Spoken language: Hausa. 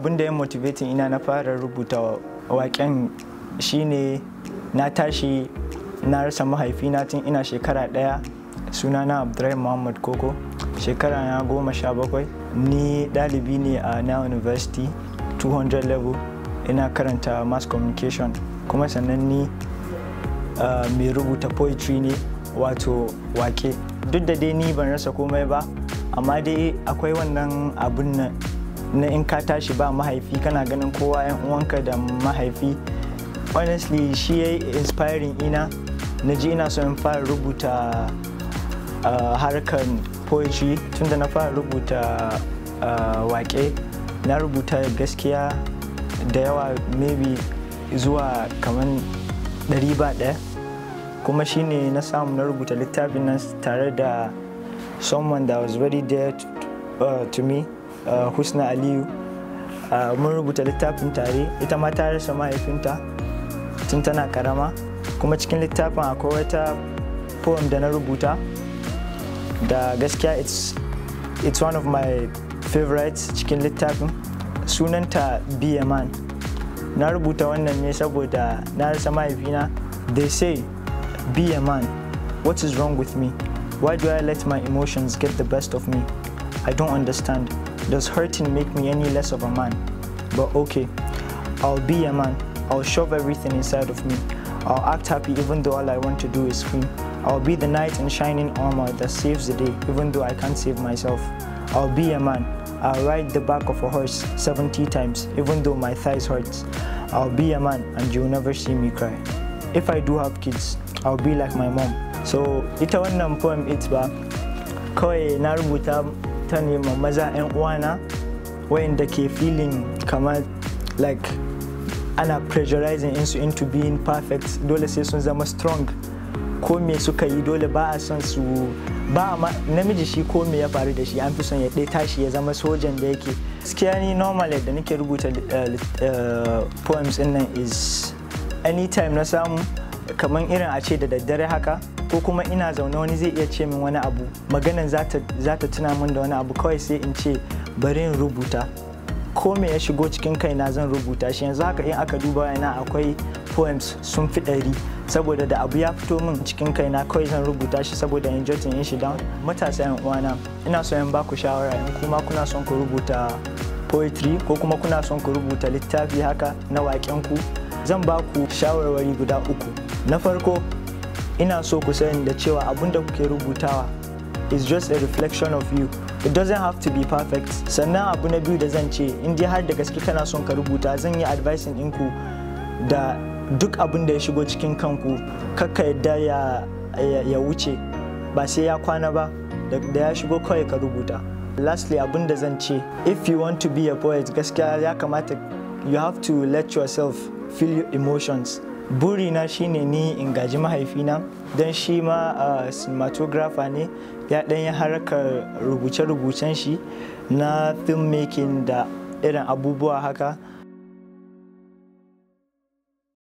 abin da ya motivating ina na fara rubuta waken shine na tashi na rasa mahaifina tun ina shekara ɗaya na abdurrahim muhammad koko shekara na goma sha bakwai ni ɗalibi ne a na university 200 level ina karanta mass communication kuma sannan ni mai rubuta poetry ne wato wake duk da dai ni ban rasa komai ba amma dai akwai wannan abun nan na in ka tashi ba mahaifi kana ganin kowa yan uwanka da mahaifi honestly shi ya yi inspiring ina na ji ina so in fara rubuta ah, harkar poetry tunda na fara rubuta ah, wake na rubuta gaskiya da yawa maybe zuwa kamar ɗari ba ɗaya kuma shine na samu na rubuta littafin nan tare da someone that was very dear ah, to me Uh, husna aliyu uh, mun rubuta littafin tare ita ma ta rasa mahaifinta tun tana karama kuma cikin littafin akwai wata poem da na rubuta da gaskiya it's, it's one of my favorites cikin littafin sunanta be a man na rubuta wannan ne saboda na rasa mahaifina they say be a man what is wrong with me why do i let my emotions get the best of me i don't understand does hurting make me any less of a man? But okay, I'll be a man. I'll shove everything inside of me. I'll act happy even though all I want to do is scream. I'll be the knight in shining armor that saves the day even though I can't save myself. I'll be a man. I'll ride the back of a horse 70 times even though my thighs hurt. I'll be a man and you'll never see me cry. If I do have kids, I'll be like my mom. So ita wannan poem it's ba kawai ta nema maza 'yan uwana wayanda ke filin kamar like ana pressurizing insu into being perfect dole sai sun zama strong ko me suka yi dole ba a son su ba ma namiji shi ko me ya faru da shi an fi son ya ɗaya tashi ya zama sojan da yake gaskiya ni normal da nake rubuta eh, eh, poems in nan is anytime na samu kamar irin a ce da daddare haka ko kuma ina zaune wani zai iya ce min wani abu maganan za ta tuna min da wani abu kawai sai in ce bari in rubuta ko me ya shigo cikin kaina zan rubuta shi yanzu haka in aka duba yana akwai poems sun fi ɗari saboda da abu ya fito min cikin kaina kawai zan rubuta shi saboda in jotin in shi down matasa yan uwana ina so in baku shawara in kuma kuna son ku rubuta poetry ko kuma kuna son ku rubuta littafi haka na waƙen ku zan baku shawarwari guda uku na farko ina so ku sani da cewa abun da kuke rubutawa is just a reflection of you it doesn't have to be perfect sannan abu na biyu da zan ce in dai har da gaske kana son ka rubuta zan yi advising ɗinku da duk abin da ya shigo cikin kanku kakka yadda ya wuce ba sai ya kwana ba da ya shigo kawai ka rubuta lastly abin da zan ce if you want to be a poet gaskiya ya kamata you have to let yourself feel your emotions burina shine ni in gaji mahaifina don shi ma a cinematographer ne ya ɗanyi harkar rubuce-rubucen shi na filmmaking da irin abubuwa haka